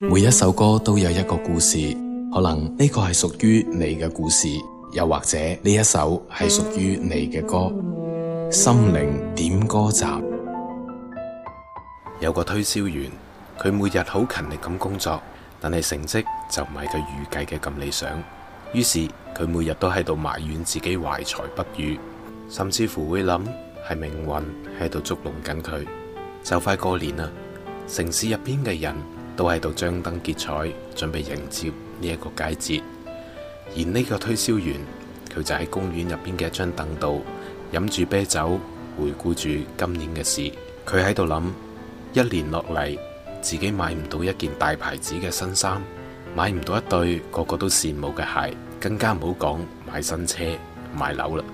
每一首歌都有一個故事，可能呢個係屬於你嘅故事，又或者呢一首係屬於你嘅歌。心靈點歌站有個推銷員，佢每日好勤力咁工作，但係成績就唔係佢預計嘅咁理想。於是佢每日都喺度埋怨自己懷才不遇，甚至乎會諗係命運喺度捉弄緊佢。就快過年啦，城市入邊嘅人，都喺度張燈結綵，準備迎接呢一個佳節。而呢個推銷員，佢就喺公園入邊嘅一張凳度飲住啤酒，回顧住今年嘅事。佢喺度諗，一年落嚟自己買唔到一件大牌子嘅新衫，買唔到一對個個都羨慕嘅鞋，更加唔好講買新車、買樓啦。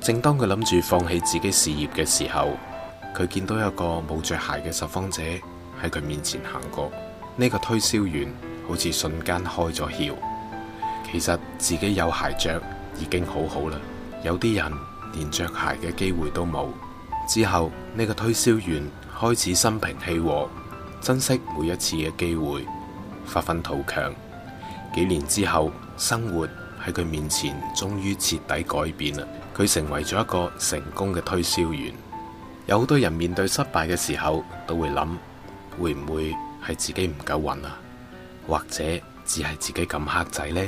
正當佢諗住放棄自己事業嘅時候，佢見到有個冇着鞋嘅拾荒者。喺佢面前行過呢，呢個推銷員，好似瞬間開咗竅。其實自己有鞋着已經好好啦。有啲人連着鞋嘅機會都冇。之後呢，呢個推銷員開始心平氣和，珍惜每一次嘅機會，發奮圖強。幾年之後，生活喺佢面前終於徹底改變啦。佢成為咗一個成功嘅推銷員。有好多人面對失敗嘅時候都會諗。會唔會係自己唔夠運啊？或者只係自己咁黑仔呢？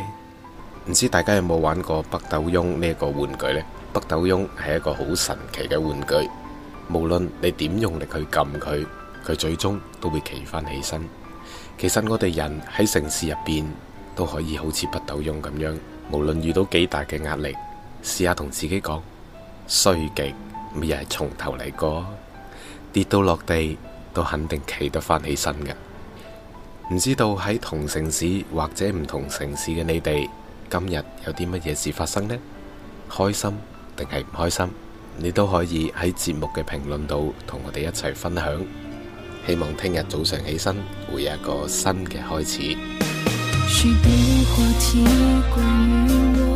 唔知大家有冇玩過北斗翁呢個玩具呢？北斗翁係一個好神奇嘅玩具，無論你點用力去撳佢，佢最終都會企翻起身。其實我哋人喺城市入邊都可以好似北斗翁咁樣，無論遇到幾大嘅壓力，試下同自己講：衰極，咪又係從頭嚟過，跌到落地，都肯定企得翻起身嘅，唔知道喺同城市或者唔同城市嘅你哋，今日有啲乜嘢事發生呢？開心定係唔開心？你都可以喺節目嘅評論度同我哋一齊分享。希望聽日早上起身會有一個新嘅開始。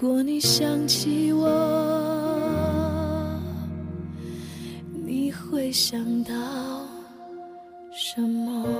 如果你想起我，你會想到什麼？